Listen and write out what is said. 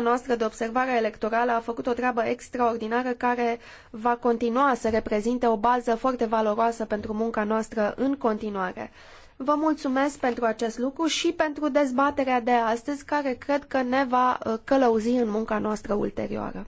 misiunea noastră de observare electorală a făcut o treabă extraordinară care va continua să reprezinte o bază foarte valoroasă pentru munca noastră în continuare. Vă mulțumesc pentru acest lucru și pentru dezbaterea de astăzi, care cred că ne va uh, călăuzi în munca noastră ulterioară.